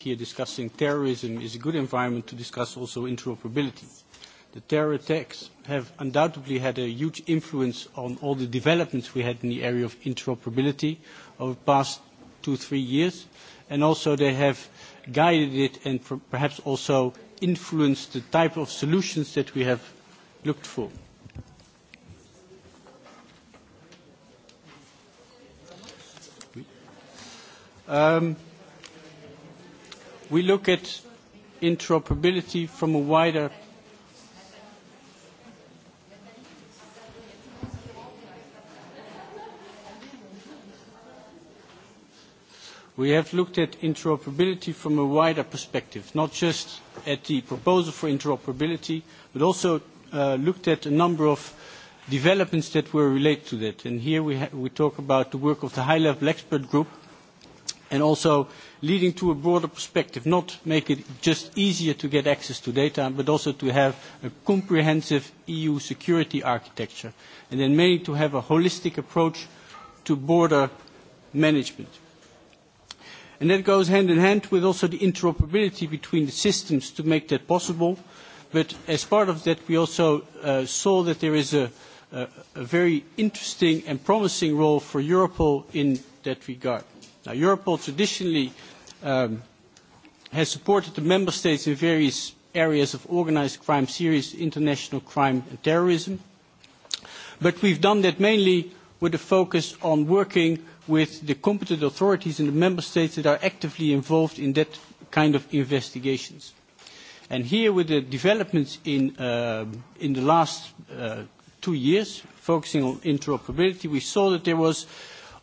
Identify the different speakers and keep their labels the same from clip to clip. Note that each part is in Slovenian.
Speaker 1: here discussing terrorism is a good environment to discuss also interoperability. The terror attacks have undoubtedly had a huge influence on all the developments we had in the area of interoperability over the past two, three years. And also they have guided it and perhaps also influenced the type of solutions that we have looked for. Um, we look at interoperability from a wider We have looked at interoperability from a wider perspective, not just at the proposal for interoperability, but also uh, looked at a number of developments that were related to that. And here we, ha we talk about the work of the high-level expert group, and also leading to a broader perspective, not make it just easier to get access to data, but also to have a comprehensive EU security architecture, and then mainly to have a holistic approach to border management. And that goes hand in hand with also the interoperability between the systems to make that possible. But as part of that, we also uh, saw that there is a, a, a very interesting and promising role for Europol in that regard. Now, Europol traditionally um, has supported the member states in various areas of organized crime, serious international crime and terrorism. But we've done that mainly with a focus on working with the competent authorities in the member states that are actively involved in that kind of investigations. And here with the developments in, uh, in the last uh, two years, focusing on interoperability, we saw that there was uh,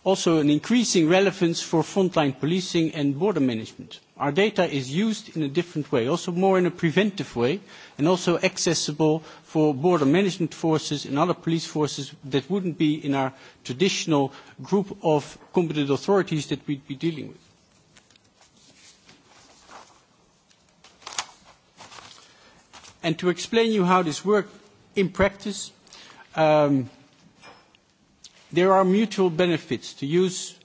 Speaker 1: also an increasing relevance for frontline policing and border management. Our data is used in a different way, also more in a preventive way, and also accessible for border management forces and other police forces that wouldn't be in our traditional group of competent authorities that we'd be dealing with. And to explain you how this works in practice, um, there are mutual benefits to use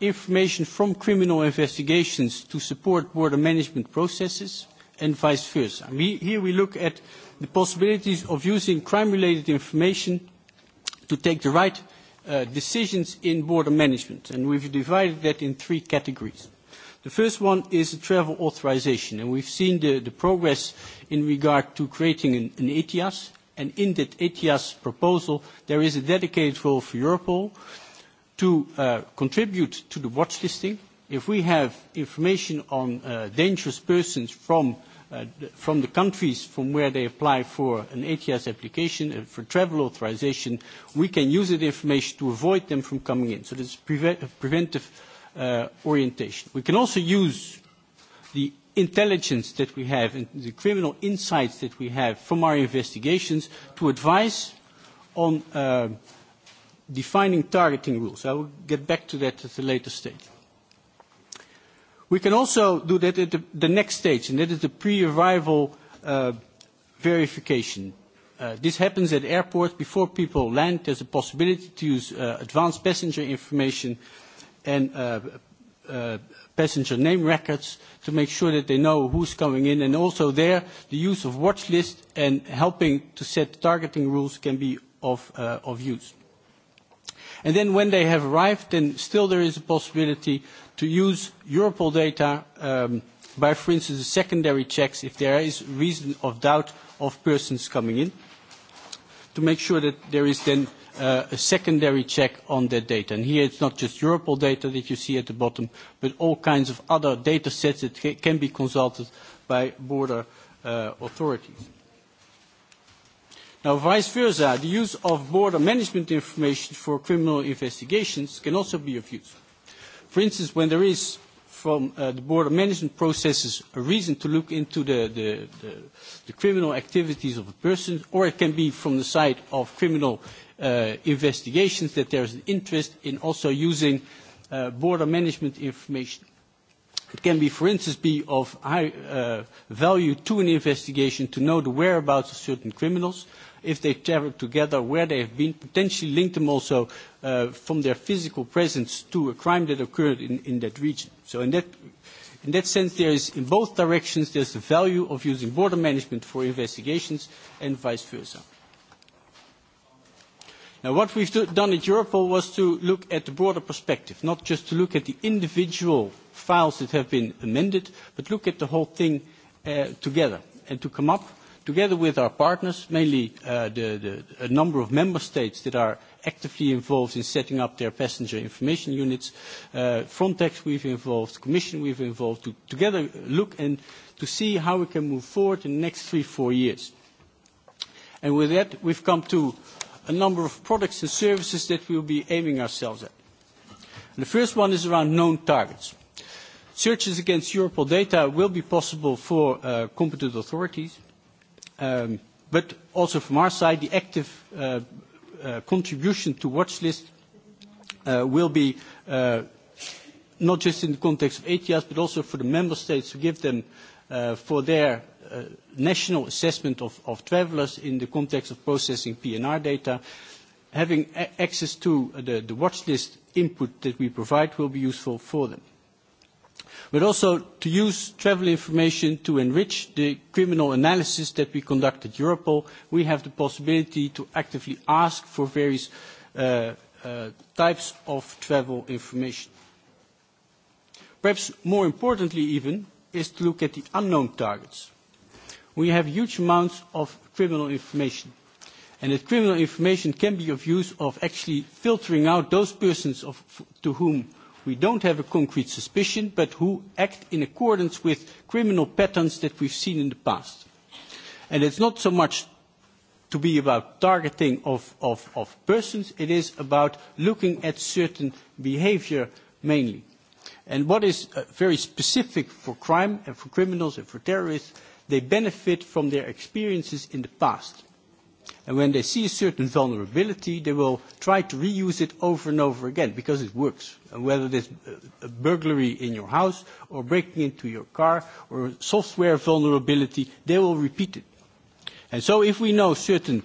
Speaker 1: information from criminal investigations to support border management processes and vice versa. We, here we look at the possibilities of using crime-related information to take the right uh, decisions in border management, and we've divided that in three categories. The first one is a travel authorization, and we've seen the, the progress in regard to creating an, an ETIAS, and in that ETIAS proposal there is a dedicated role for Europol to uh, contribute to the watch listing. If we have information on uh, dangerous persons from, uh, the, from the countries from where they apply for an ATS application, uh, for travel authorization, we can use that information to avoid them from coming in. So there's pre- preventive uh, orientation. We can also use the intelligence that we have and the criminal insights that we have from our investigations to advise on uh, defining targeting rules. I will get back to that at a later stage. We can also do that at the, the next stage, and that is the pre-arrival uh, verification. Uh, this happens at airports before people land. There's a possibility to use uh, advanced passenger information and uh, uh, passenger name records to make sure that they know who's coming in. And also there, the use of watch lists and helping to set targeting rules can be of, uh, of use. And then when they have arrived, then still there is a possibility to use Europol data um, by, for instance, the secondary checks if there is reason of doubt of persons coming in to make sure that there is then Uh, a secondary check on their data. And here it's not just Europol data that you see at the bottom, but all kinds of other data sets that ca can be consulted by border uh, authorities. Now, vice versa, the use of border management information for criminal investigations can also be of use. For instance, when there is from uh, the border management processes a reason to look into the, the, the, the criminal activities of a person, or it can be from the side of criminal uh, investigations that there is an interest in also using uh, border management information. It can be, for instance, be of high uh, value to an investigation to know the whereabouts of certain criminals, if they travel together, where they have been, potentially link them also uh, from their physical presence to a crime that occurred in, in that region. So in that, in that sense, there is, in both directions, there's the value of using border management for investigations and vice versa. Um, Now, what we've done at Europol was to look at the broader perspective, not just to look at the individual files that have been amended, but look at the whole thing uh, together and to come up together with our partners, mainly uh, the, the, a number of member states that are actively involved in setting up their passenger information units, uh, Frontex we've involved, Commission we've involved, to together look and to see how we can move forward in the next three, four years. And with that, we've come to a number of products and services that we'll be aiming ourselves at. The first one is around known targets. Searches against Europol data will be possible for uh, competent authorities, um, but also from our side, the active uh, uh, contribution to watchlist will be not just in the context of ETIAS, but also for the member states to give them for their national assessment of, of travelers in the context of processing PNR data. Having a- access to the, the watch list input that we provide will be useful for them. But also to use travel information to enrich the criminal analysis that we conduct at Europol, we have the possibility to actively ask for various uh, uh, types of travel information. Perhaps more importantly, even, is to look at the unknown targets we have huge amounts of criminal information. And that criminal information can be of use of actually filtering out those persons of, to whom we don't have a concrete suspicion, but who act in accordance with criminal patterns that we've seen in the past. And it's not so much to be about targeting of, of, of persons, it is about looking at certain behavior mainly. And what is uh, very specific for crime and for criminals and for terrorists they benefit from their experiences in the past. When they see a certain vulnerability, they will try to reuse it over and over again because it works. Whether it's a burglary in your house or breaking into your car or a software vulnerability, they will repeat it. If we know certain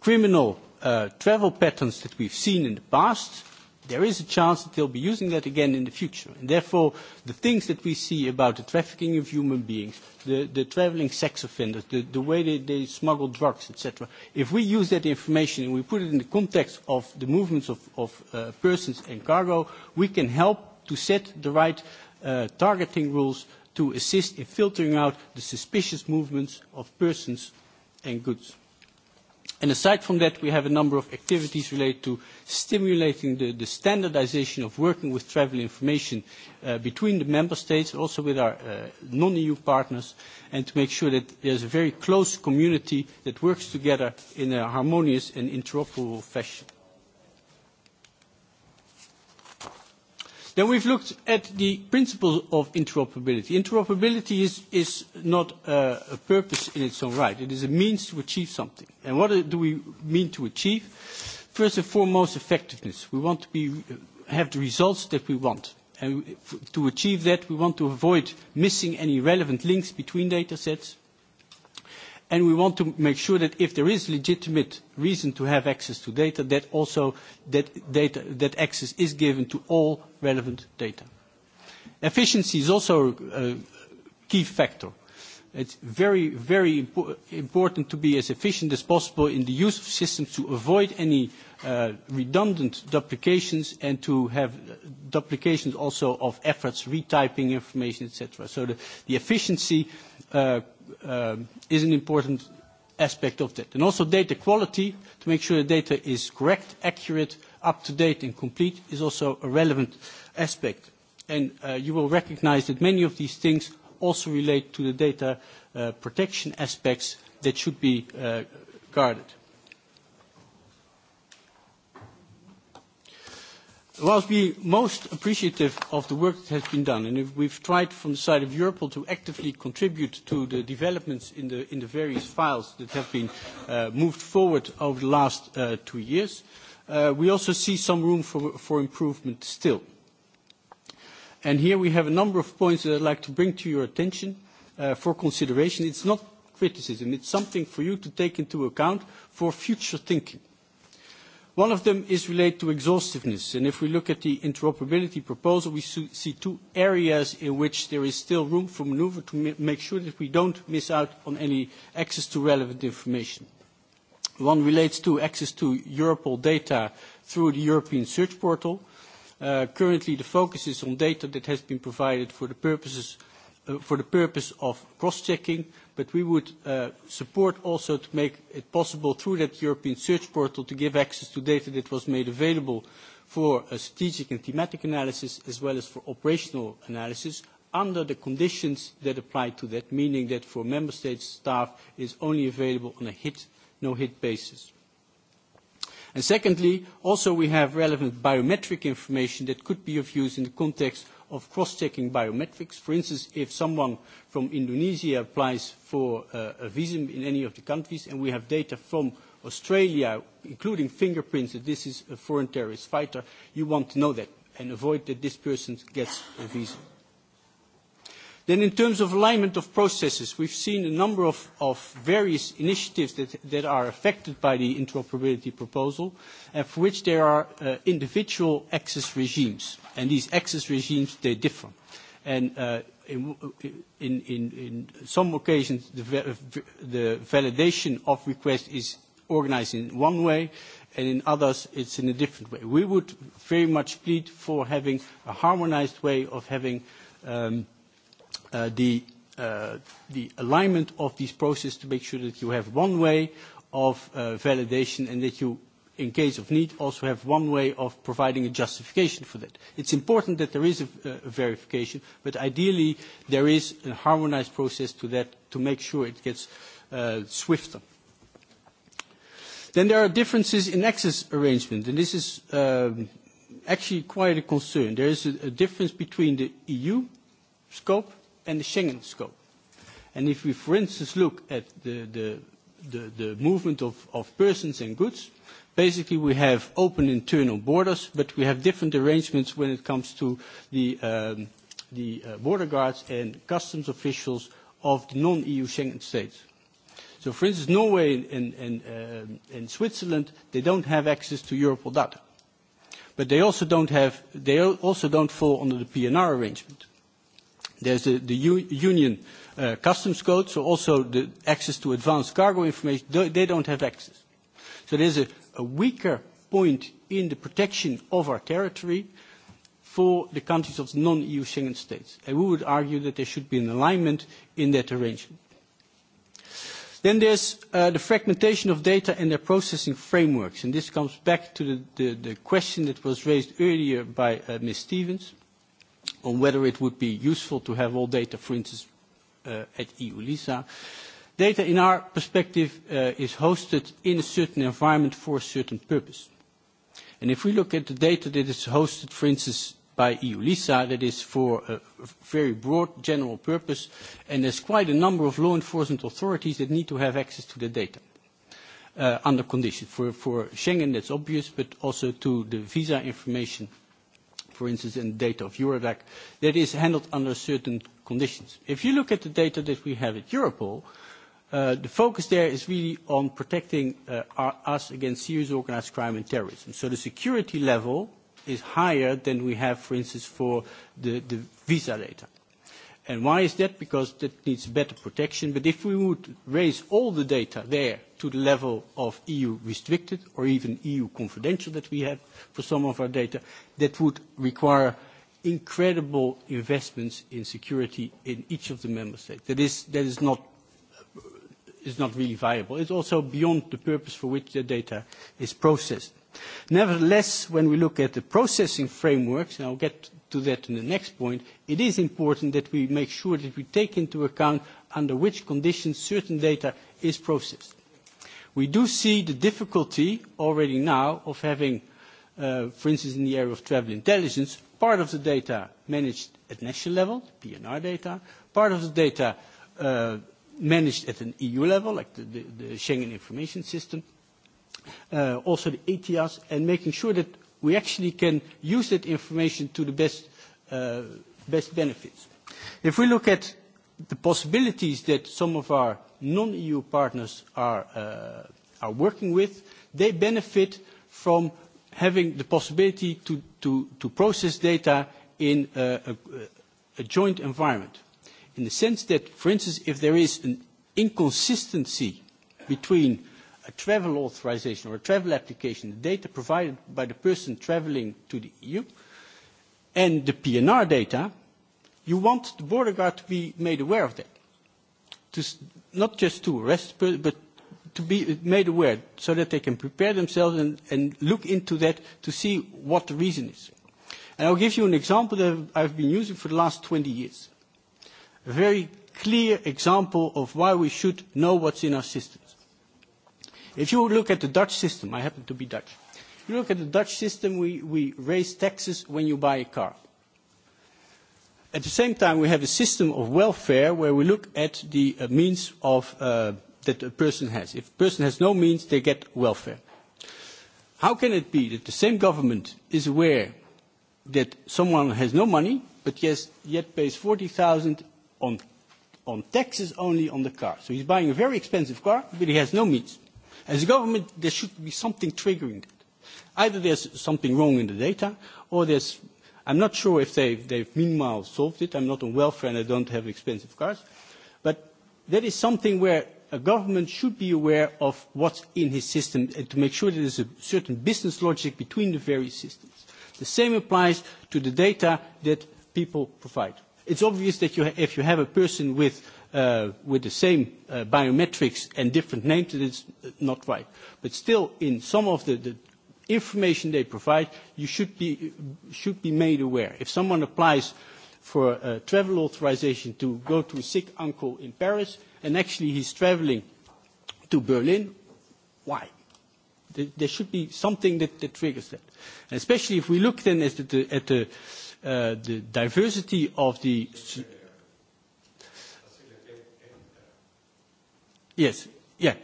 Speaker 1: criminal uh, travel patterns that we've seen in the past, there is a chance that they'll be using that again in the future. And therefore, the things that we see about the trafficking of human beings, the, the traveling sex offenders, the, the way they, they smuggle drugs, etc., if we use that information and we put it in the context of the movements of, of uh, persons and cargo, we can help to set the right uh, targeting rules to assist in filtering out the suspicious movements of persons and goods. Aside from that, we have a number of activities related to stimulating the standardization of working with travel information uh, between the member states, also with our uh, non-EU partners, and to make sure that there's a very close community that works together in a harmonious and interoperable fashion. We've looked at the principles of interoperability. Interoperability is not a purpose in its own right. It is a means to achieve something. What do we mean to achieve? First and foremost, effectiveness. We want to have the results that we want. To achieve that, we want to avoid missing any relevant links between data sets and we want to make sure that if there is legitimate reason to have access to data, that also that, data, that access is given to all relevant data. Efficiency is also a, a key factor it's very, very impo important to be as efficient as possible in the use of systems to avoid any uh, redundant duplications and to have uh, duplications also of efforts, retyping information, etc. So the, the efficiency uh, uh, is an important aspect of that. And also data quality, to make sure the data is correct, accurate, up-to-date and complete, is also a relevant aspect. And uh, you will recognize that many of these things also relate to the data uh, protection aspects that should be uh, guarded. While we're most appreciative of the work that has been done, and we've tried from the side of Europol to actively contribute to the developments in the various files that have been uh, moved forward over the last two years, we also see some room for improvement still. Here we have a number of points that I'd like to bring to your attention uh, for consideration. It's not criticism. It's something for you to take into account for future thinking. One of them is related to exhaustiveness. If we look at the interoperability proposal, we see two areas in which there is still room for maneuver to make sure that we don't miss out on any access to relevant information. One relates to access to Europol data through the European Search Portal. Uh, currently, the focus is on data that has been provided for the purposes uh, for the purpose of cross-checking, but we would uh, support also to make it possible through that European Search Portal to give access to data that was made available for a strategic and thematic analysis, as well as for operational analysis, under the conditions that apply to that, meaning that for member states, staff is only available on a hit, no-hit basis. Secondly, also we have relevant biometric information that could be of use in the context of cross-checking biometrics. For instance, if someone from Indonesia applies for uh, a visa in any of the countries, and we have data from Australia, including fingerprints, that this is a foreign terrorist fighter, you want to know that and avoid that this person gets a visa. Then in terms of alignment of processes, we've seen a number of, of various initiatives that, that are affected by the interoperability proposal, and uh, for which there are uh, individual access regimes. And these access regimes, they differ. And uh, in, in, in, in some occasions, the, uh, the validation of requests is organized in one way, and in others, it's in a different way. We would very much plead for having a harmonized way of having... Um, Uh, uh, the alignment of these processes to make sure that you have one way of uh, validation and that you, in case of need, also have one way of providing a justification for that. It's important that there is a verification, but ideally, there is a harmonized process to that to make sure it gets swifter. There are differences in access arrangement, and this is um, actually quite a concern. There is a difference between the EU scope and the Schengen scope. And if we, for instance, look at the movement of persons and goods, basically we have open internal borders, but we have different arrangements when it comes to the um, uh, border guards and customs officials of the non-EU Schengen states. So for instance, Norway um, and Switzerland, they don't have access to Europol data, but they also don't fall under the PNR arrangement. There's the, the U- Union uh, Customs Code, so also the access to advanced cargo information, do- they don't have access. So there's a, a weaker point in the protection of our territory for the countries of non EU Schengen states. And we would argue that there should be an alignment in that arrangement. Then there's uh, the fragmentation of data and their processing frameworks. And this comes back to the, the, the question that was raised earlier by uh, Ms. Stevens on whether it would be useful to have all data, for instance, uh, at EU LISA. Data, in our perspective, uh, is hosted in a certain environment for a certain purpose. If we look at the data that is hosted, for instance, by EU LISA, that is for a very broad general purpose, and there's quite a number of law enforcement authorities that need to have access to the data uh, under condition. For Schengen, that's obvious, but also to the visa information for instance, in data of Eurodac, that is handled under certain conditions. If you look at the data that we have at Europol, uh, the focus there is really on protecting uh, us against serious organized crime and terrorism. So the security level is higher than we have, for instance, for the Visa data. And why is that? Because that needs better protection. But if we would raise all the data there to the level of EU restricted or even EU confidential that we have for some of our data, that would require incredible investments in security in each of the member states. That is, that is not, is not really viable. It's also beyond the purpose for which the data is processed. Nevertheless, when we look at the processing frameworks, and I'll get to that in the next point, it is important that we make sure that we take into account under which conditions certain data is processed. We do see the difficulty already now of having, uh, for instance, in the area of travel intelligence, part of the data managed at national level, PNR data, part of the data uh, managed at an EU level, like the, the, the Schengen Information System, uh, also the e ATS, and making sure that we actually can use that information to the best, uh, best benefits. If we look at the possibilities that some of our non-EU partners are, uh, are working with, they benefit from having the possibility to, to, to process data in a, a, a joint environment. In the sense that, for instance, if there is an inconsistency between uh, a travel authorization or a travel application, the data provided by the person traveling to the EU, and the PNR data, you want the border guard to be made aware of that. To, not just to arrest the person, but to be made aware so that they can prepare themselves and, and look into that to see what the reason is. And I'll give you an example that I've been using for the last 20 years. A very clear example of why we should know what's in our systems. If you look at the Dutch system, I happen to be Dutch. You look at the Dutch system, we, we raise taxes when you buy a car. At the same time, we have a system of welfare where we look at the uh, means of, uh, that a person has. If a person has no means, they get welfare. How can it be that the same government is aware that someone has no money, but yes, yet pays 40,000 on, on taxes only on the car? So he's buying a very expensive car, but he has no means. As a government, there should be something triggering it. Either there's something wrong in the data, or there's, I'm not sure if they've, they've meanwhile solved it. I'm not on welfare and I don't have expensive cars. But that is something where a government should be aware of what's in his system and to make sure that there's a certain business logic between the various systems. The same applies to the data that people provide it's obvious that you, if you have a person with, uh, with the same uh, biometrics and different names, that it's uh, not right. But still, in some of the, the information they provide, you should be, should be made aware. If someone applies for a travel authorization to go to a sick uncle in Paris, and actually he's traveling to Berlin, why? There should be something that, that triggers that. Especially if we look then at the, at the uh, Eh, the diversity of the. Yes. Yeah.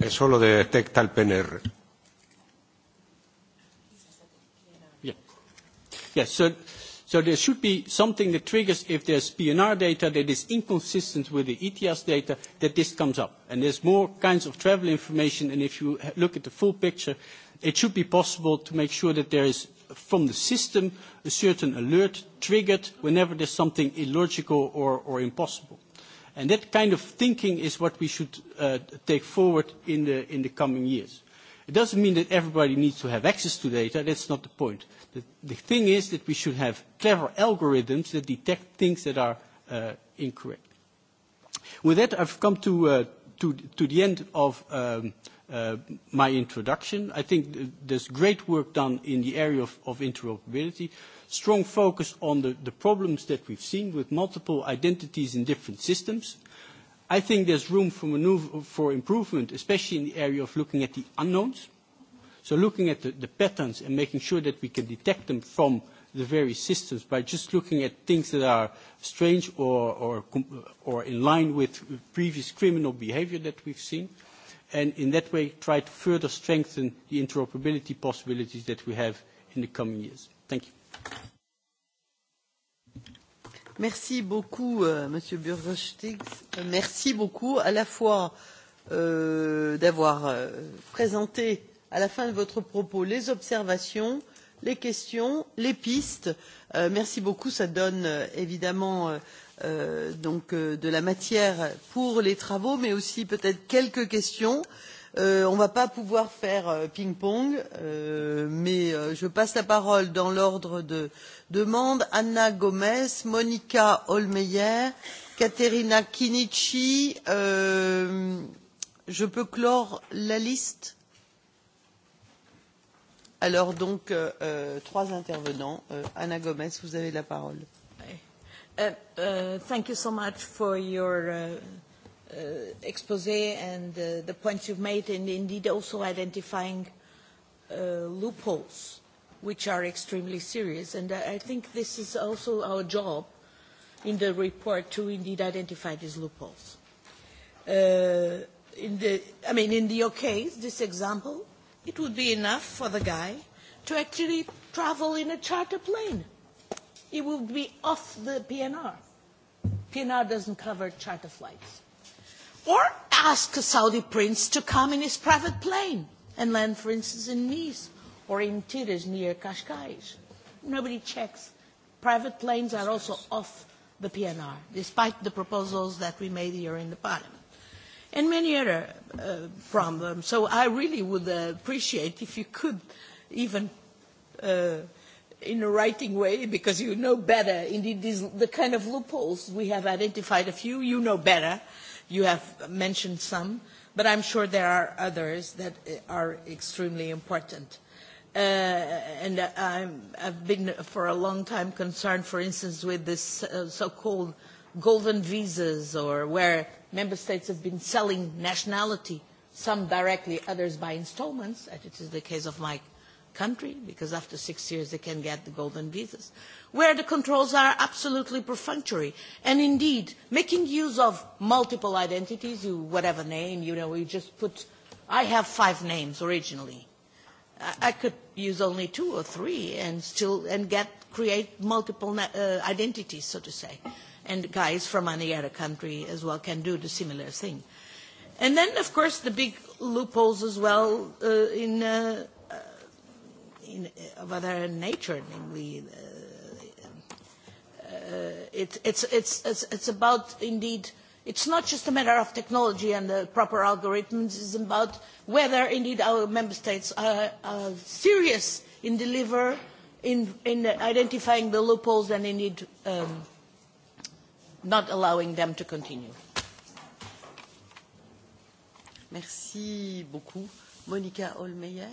Speaker 1: Eso lo detecta el PNR. Yeah. Yes. So there should be something that triggers if there's PNR data that is inconsistent with the ETIAS data, that this comes up. And there's more kinds of travel information, and if you look at the full picture, it should be possible to make sure that there is from the system a certain alert triggered whenever there's something illogical or, or impossible. And that kind of thinking is what we should uh, take forward in the, in the coming years. It doesn't mean that everybody needs to have access to data, that's not the point. The, the thing is that we should have clever algorithms that detect things that are uh, incorrect. With that, I've come to, uh, to, to the end of um, uh, my introduction. I think th there's great work done in the area of, of interoperability, strong focus on the, the problems that we've seen with multiple identities in different systems. I think there's room for, maneuver, for improvement, especially in the area of looking at the unknowns. So looking at the, the patterns and making sure that we can detect them from the various systems by just looking at things that are strange or, or, or in line with previous criminal behavior that we've seen. Uh, and in that way, try to further strengthen the interoperability possibilities that we have in the coming years. Thank you.
Speaker 2: Merci beaucoup, euh, Monsieur Burgstaller. Merci beaucoup à la fois euh d'avoir euh, présenté à la fin de votre propos les observations les questions les pistes euh, merci beaucoup cela donne euh, évidemment euh, de la matière pour les travaux mais aussi peut être quelques questions. on ne va pas pouvoir faire ping pong mais je passe la parole dans l'ordre de demande à anna gomes monika hohlmeier kateina kinici. je peux clore la liste? Alors donc, euh, euh, trois intervenants. Euh, Anna Gomez, vous avez la parole.
Speaker 3: Uh, uh, thank you so much for your uh, uh, expose and uh, the points you've made, and indeed also identifying uh, loopholes, which are extremely serious. And I, uh, I think this is also our job in the report to indeed identify these loopholes. Uh, in the, I mean, in your case, this example it would be enough for the guy to actually travel in a charter plane. He would be off the PNR. PNR doesn't cover charter flights. Or ask a Saudi prince to come in his private plane and land, for instance, in Nice or in Tiris near Qashqai's. Nobody checks. Private planes are also off the PNR, despite the proposals that we made here in the parliament and many other uh, problems. So I really would uh, appreciate if you could even uh, in a writing way, because you know better, indeed these, the kind of loopholes we have identified a few, you know better, you have mentioned some, but I'm sure there are others that uh, are extremely important. Uh, and I'm, I've been for a long time concerned, for instance, with this uh, so-called uh, golden visas or where member states have been selling nationality, some directly, others by installments, as it is the case of my country, because after six years they can get the golden visas, where the controls are absolutely perfunctory. And indeed, making use of multiple identities, you, whatever name, you know, you just put, I have five names originally. I could use only two or three and still and get create multiple uh, identities, so to say and guys from any other country as well can do the similar thing. And then, of course, the big loopholes as well uh, in, uh, uh, in, uh, of other nature, namely, uh, uh, it, it's, it's, it's, it's about indeed, it's not just a matter of technology and the proper algorithms, it's about whether indeed our member states are, are serious in deliver, in, in identifying the loopholes and indeed um, uh, not allowing them to continue.
Speaker 4: Merci beaucoup. Monika Olmeyer.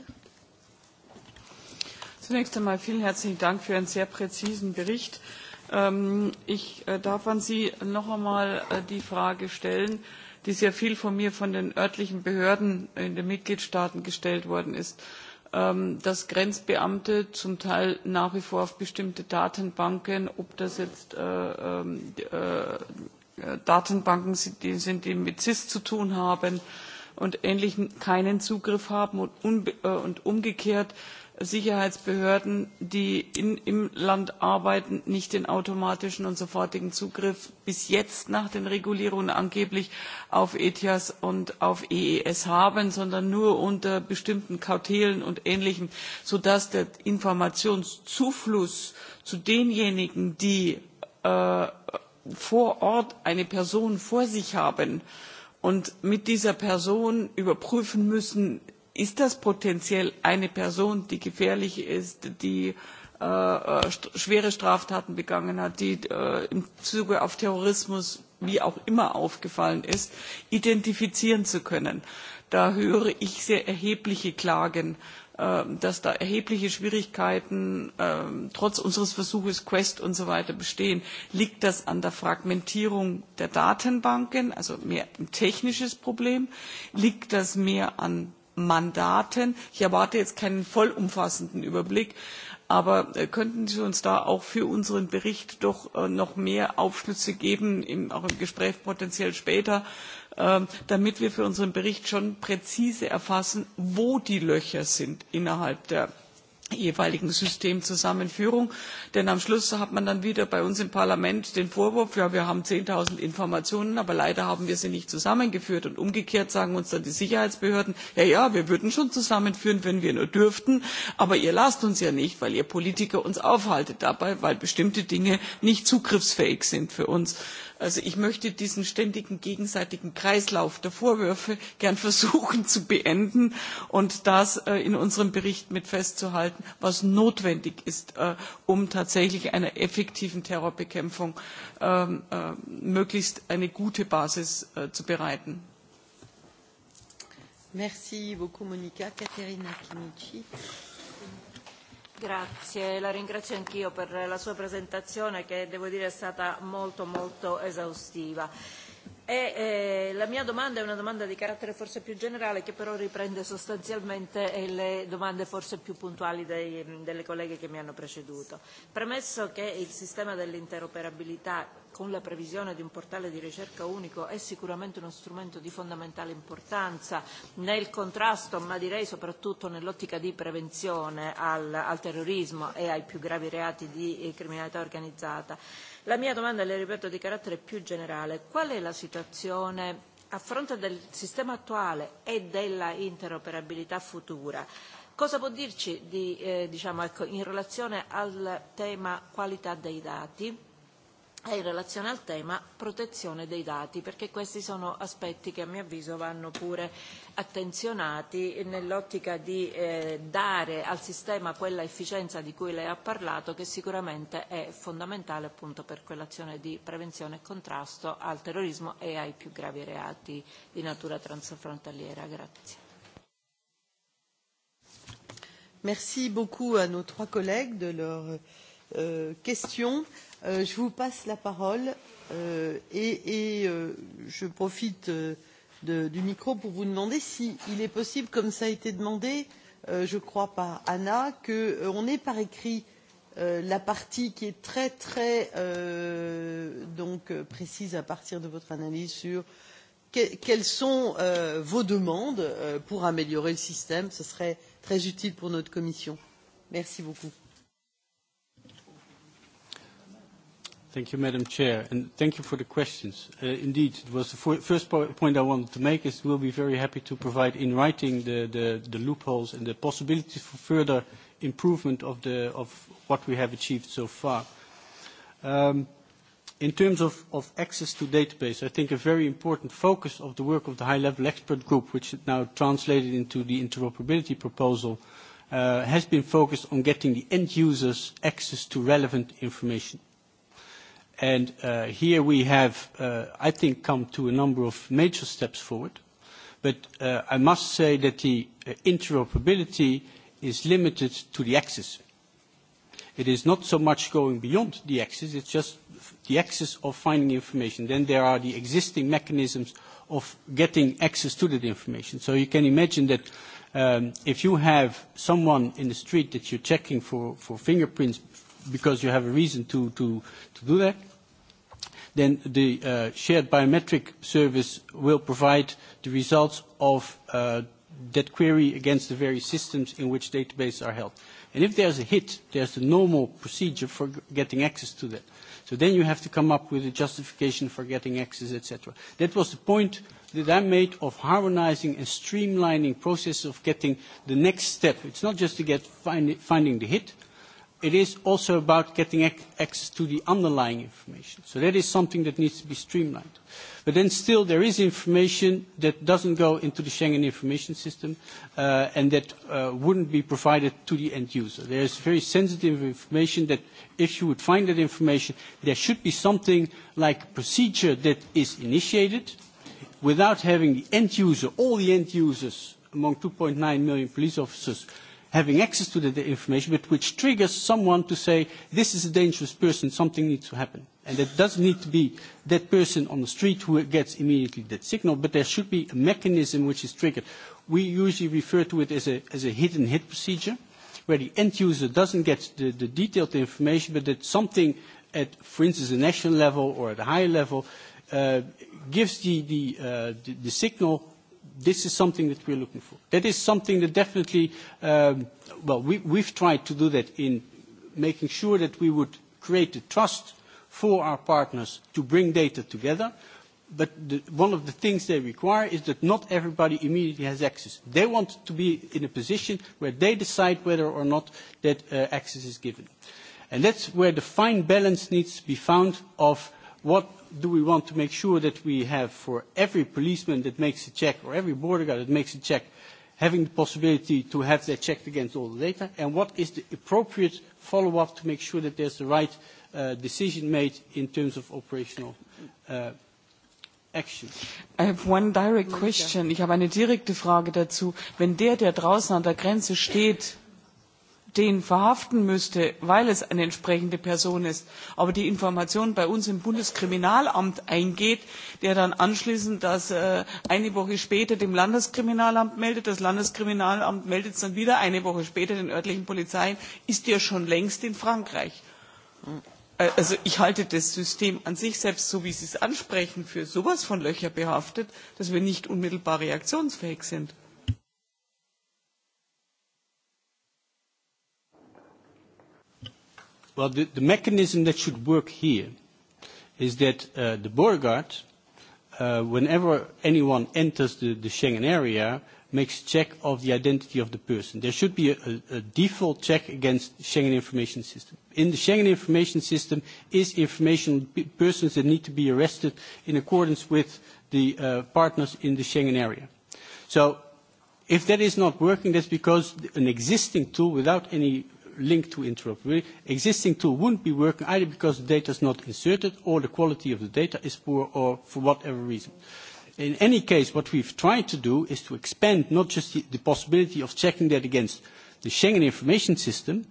Speaker 4: Zunächst einmal vielen herzlichen Dank für einen sehr präzisen Bericht. Ähm, ich äh, darf an Sie noch einmal äh, die Frage stellen, die sehr viel von mir von den örtlichen Behörden in den Mitgliedstaaten gestellt worden ist. Ähm, dass grenzbeamte zum Teil nach wie vor auf bestimmte Datenbanken, ob das jetzt äh, ähm, äh, äh, Datenbanken sind, die, sind, die mit CIS zu tun haben und ähnlichen keinen Zugriff haben und, unbe- äh, und umgekehrt, sicherheitsbehörden die im land arbeiten nicht den automatischen und sofortigen zugriff bis jetzt nach den regulierungen angeblich auf etias und auf ees haben sondern nur unter bestimmten kautelen und ähnlichem sodass der informationszufluss zu denjenigen die äh, vor ort eine person vor sich haben und mit dieser person überprüfen müssen ist das potenziell eine Person, die gefährlich ist, die äh, äh, st schwere Straftaten begangen hat, die äh, im Zuge auf Terrorismus wie auch immer aufgefallen ist, identifizieren zu können. Da höre ich sehr erhebliche Klagen, äh, dass da erhebliche Schwierigkeiten äh, trotz unseres Versuches Quest und so weiter bestehen. Liegt das an der Fragmentierung der Datenbanken, also mehr ein technisches Problem? Liegt das mehr an Mandaten. Ich erwarte jetzt keinen vollumfassenden Überblick, aber äh, könnten Sie uns da auch für unseren Bericht doch äh, noch mehr Aufschlüsse geben, auch im Gespräch potenziell später, ähm, damit wir für unseren Bericht schon präzise erfassen, wo die Löcher sind innerhalb der jeweiligen Systemzusammenführung. Denn am Schluss hat man dann wieder bei uns im Parlament den Vorwurf, ja, wir haben 10.000 Informationen, aber leider haben wir sie nicht zusammengeführt. Und umgekehrt sagen uns dann die Sicherheitsbehörden, ja, ja, wir würden schon zusammenführen, wenn wir nur dürften, aber ihr lasst uns ja nicht, weil ihr Politiker uns aufhaltet dabei, weil bestimmte Dinge nicht zugriffsfähig sind für uns. Also ich möchte diesen ständigen gegenseitigen Kreislauf der Vorwürfe gern versuchen zu beenden und das äh, in unserem Bericht mit festzuhalten, was notwendig ist, äh, um tatsächlich einer effektiven Terrorbekämpfung ähm, äh, möglichst eine gute Basis zu bereiten.
Speaker 2: Merci beaucoup, Monika. Katerina Kimici.
Speaker 5: Grazie, la ringrazio anch'io per la sua presentazione che devo dire è stata molto molto esaustiva. E, eh, la mia domanda è una domanda di carattere forse più generale che però riprende sostanzialmente eh, le domande forse più puntuali dei, delle colleghe che mi hanno preceduto. Premesso che il sistema dell'interoperabilità con la previsione di un portale di ricerca unico è sicuramente uno strumento di fondamentale importanza nel contrasto, ma direi soprattutto nell'ottica di prevenzione al, al terrorismo e ai più gravi reati di eh, criminalità organizzata. La mia domanda le ripeto di carattere più generale. Qual è la situazione a fronte del sistema attuale e della interoperabilità futura? Cosa può dirci di, eh, diciamo, ecco, in relazione al tema qualità dei dati? è in relazione al tema protezione dei dati, perché questi sono aspetti che a mio avviso vanno pure attenzionati nell'ottica di eh, dare al sistema quella efficienza di cui lei ha parlato, che sicuramente è fondamentale appunto per quell'azione di prevenzione e contrasto al terrorismo e ai più gravi reati di natura transfrontaliera. Grazie.
Speaker 2: Merci beaucoup à nos trois collègues de leur euh, Euh, questions. Euh, je vous passe la parole euh, et, et euh, je profite euh, de, du micro pour vous demander s'il si est possible, comme ça a été demandé, euh, je crois, par Anna, qu'on euh, ait par écrit euh, la partie qui est très, très euh, donc, euh, précise à partir de votre analyse sur que, quelles sont euh, vos demandes euh, pour améliorer le système. Ce serait très utile pour notre commission. Merci beaucoup.
Speaker 1: Thank you, Madam Chair, and thank you for the questions. Uh, indeed, it was the first point I wanted to make is we'll be very happy to provide in writing the loopholes and the possibilities for further improvement of what we have achieved so far. Um, in terms of access to database, I think a very important focus of the work of the high-level expert group, which is now translated into the interoperability proposal, uh, has been focused on getting the end users access to relevant information. And uh, here we have, uh, I think, come to a number of major steps forward. But uh, I must say that the interoperability is limited to the axis. It is not so much going beyond the axis. It's just the axis of finding information. Then there are the existing mechanisms of getting access to that information. So you can imagine that um, if you have someone in the street that you're checking for fingerprints because you have a reason to, to, to do that, then the uh, shared biometric service will provide the results of uh, that query against the various systems in which databases are held. And if there's a hit, there's a normal procedure for getting access to that. So then you have to come up with a justification for getting access, etc. That was the point that I made of harmonizing and streamlining process of getting the next step. It's not just to get find it, finding the hit, it is also about getting access to the underlying information. So that is something that needs to be streamlined. But then still there is information that doesn't go into the Schengen information system uh, and that uh, wouldn't be provided to the end user. There is very sensitive information that if you would find that information, there should be something like a procedure that is initiated without having the end user, all the end users among 2.9 million police officers, uh, having access to the information, but which triggers someone to say, this is a dangerous person, something needs to happen. And it doesn't need to be that person on the street who gets immediately that signal, but there should be a mechanism which is triggered. We usually refer to it as a, as a hit and hit procedure, where the end user doesn't get the, the detailed information, but that something at, for instance, a national level or at a higher level, uh, gives the, the, uh, the, the signal this is something that we're looking for. That is something that definitely, um, well, we, we've tried to do that in making sure that we would create the trust for our partners to bring data together. But the, one of the things they require is that not everybody immediately has access. They want to be in a position where they decide whether or not that uh, access is given. And that's where the fine balance needs to be found of what do we want to make sure that we have for every policeman that makes a check or every border guard that makes a check having the possibility to have that checked against all the data and what is the appropriate follow-up to make sure that there's the right uh, decision made in terms of operational uh, Action.
Speaker 4: I have one direct question. Ich habe eine direkte Frage dazu. Wenn der, der draußen an der Grenze steht, den verhaften müsste, weil es eine entsprechende Person ist, aber die Information bei uns im Bundeskriminalamt eingeht, der dann anschließend das äh, eine Woche später dem Landeskriminalamt meldet, das Landeskriminalamt meldet es dann wieder eine Woche später den örtlichen Polizeien, ist ja schon längst in Frankreich. Äh, also ich halte das System an sich selbst, so wie Sie es ansprechen, für sowas von Löcher behaftet, dass wir nicht unmittelbar reaktionsfähig sind.
Speaker 1: Well, the, the mechanism that should work here is that uh, the border guard, uh, whenever anyone enters the, the Schengen area, makes a check of the identity of the person. There should be a, a default check against Schengen information system. In the Schengen information system is information on persons that need to be arrested in accordance with the uh, partners in the Schengen area. So if that is not working, that's because an existing tool without any linked to interoperability. Existing tool wouldn't be working either because the data is not inserted or the quality of the data is poor or for whatever reason. In any case, what we've tried to do is to expand not just the, the possibility of checking that against the Schengen information system,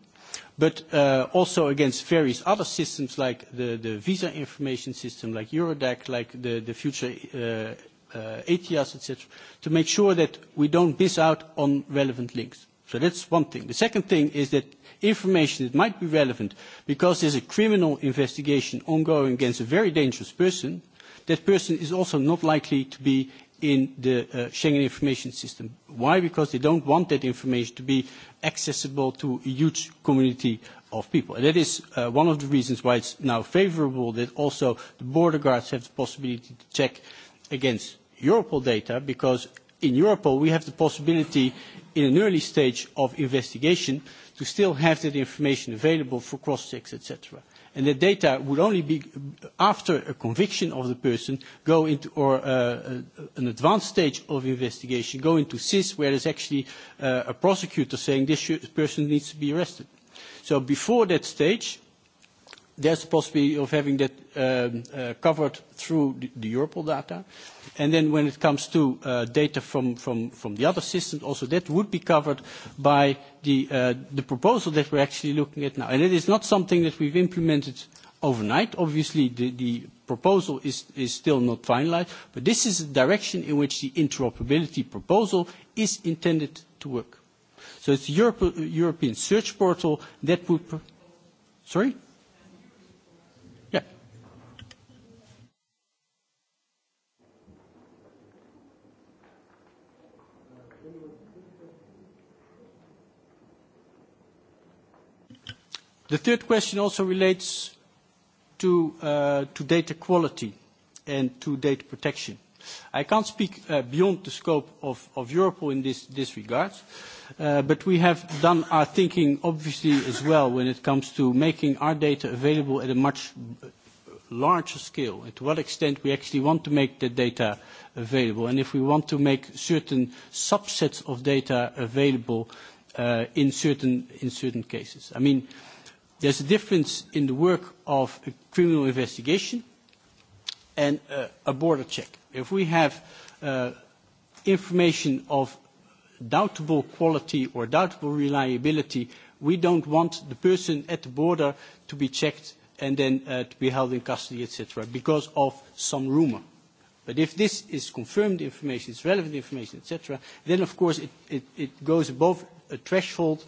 Speaker 1: but uh, also against various other systems like the, the visa information system, like Eurodac, like the, the future uh, uh, ATS, etc., to make sure that we don't miss out on relevant links. So that's one thing. The second thing is that information that might be relevant because there's a criminal investigation ongoing against a very dangerous person, that person is also not likely to be in the uh, Schengen information system. Why? Because they don't want that information to be accessible to a huge community of people. And that is uh, one of the reasons why it's now favorable that also the border guards have the possibility to check against Europol data because in europol we have the possibility in an early stage of investigation to still have that information available for cross checks etc and the data would only be after a conviction of the person go into or uh, uh an advanced stage of investigation go into sis where there's actually uh, a prosecutor saying this person needs to be arrested so before that stage there's the possibility of having that um, uh, covered through the Europol data. And then when it comes to uh, data from the other systems, also that would be covered by uh, the proposal that we're actually looking at now. And it is not something that we've implemented overnight. Obviously, the proposal is still not finalized, but this is the direction in which the interoperability proposal is intended to work. So it's European Search Portal that would... Sorry? The third question also relates uh, to data quality and to data protection. I can't speak uh, beyond the scope of Europol in this regard, uh, but we have done our thinking, obviously, as well, when it comes to making our data available at a much larger scale, and to what extent we actually want to make the data available, and if we want to make certain subsets of data available in certain cases. I mean, There's a difference in the work of a criminal investigation and uh, a border check. If we have uh, information of doubtable quality or doubtable reliability, we don't want the person at the border to be checked and then uh, to be held in custody, etc., because of some rumor. But if this is confirmed information, it's relevant information, etc., then of course it, it, it goes above a threshold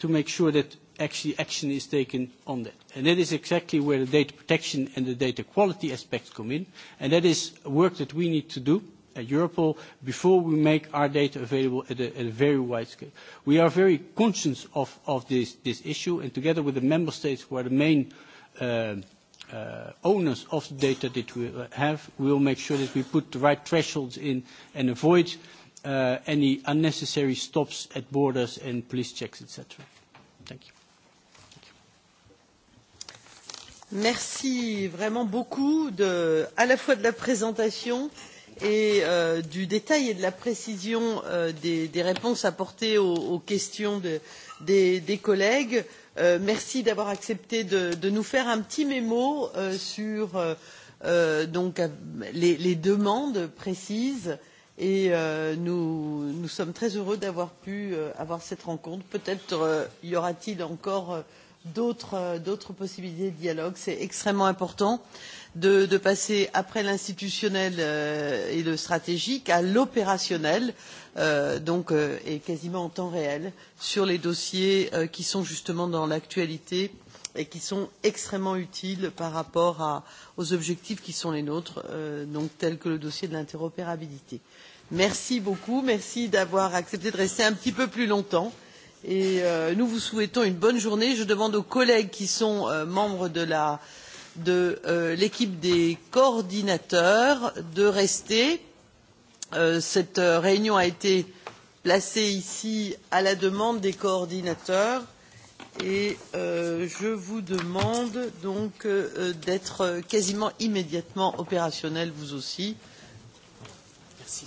Speaker 1: to make sure that actually action is taken on that. And that is exactly where the data protection and the data quality aspects come in, and that is work that we need to do at Europol before we make our data available at a very wide scale. We are very conscious of this issue, and together with the member states, who are the main uh, uh, owners of the data that we have, we will make sure that we put the right thresholds in and avoid uh, any unnecessary stops at borders and police checks, et cetera. Thank you.
Speaker 2: merci vraiment beaucoup à la fois de la présentation et euh, du détail et de la précision euh, des réponses apportées aux questions des collègues. Euh, merci d'avoir accepté de nous faire un petit mémo sur les demandes précises et nous sommes très heureux d'avoir pu avoir cette rencontre. peut être y aura t il encore d'autres, euh, d'autres possibilités de dialogue. C'est extrêmement important de, de passer après l'institutionnel euh, et le stratégique à l'opérationnel, euh, donc euh, et quasiment en temps réel, sur les dossiers qui sont justement dans l'actualité et qui sont extrêmement utiles par rapport à, aux objectifs qui sont les nôtres, euh, donc tels que le dossier de l'interopérabilité. Merci beaucoup, merci d'avoir accepté de rester un petit peu plus longtemps et euh, nous vous souhaitons une bonne journée. je demande aux collègues qui sont euh, membres de euh, l'équipe des coordinateurs de rester. cette réunion a été placée ici à la demande des coordinateurs et je vous demande donc d'être quasiment immédiatement opérationnels vous aussi.
Speaker 1: merci.